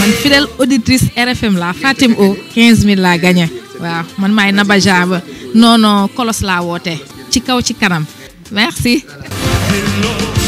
man fidèle auditrice RFM la Fatim O 15000 laa waaw man maay Naba Jaba non non kolos woote ci kaw ci kanam merci.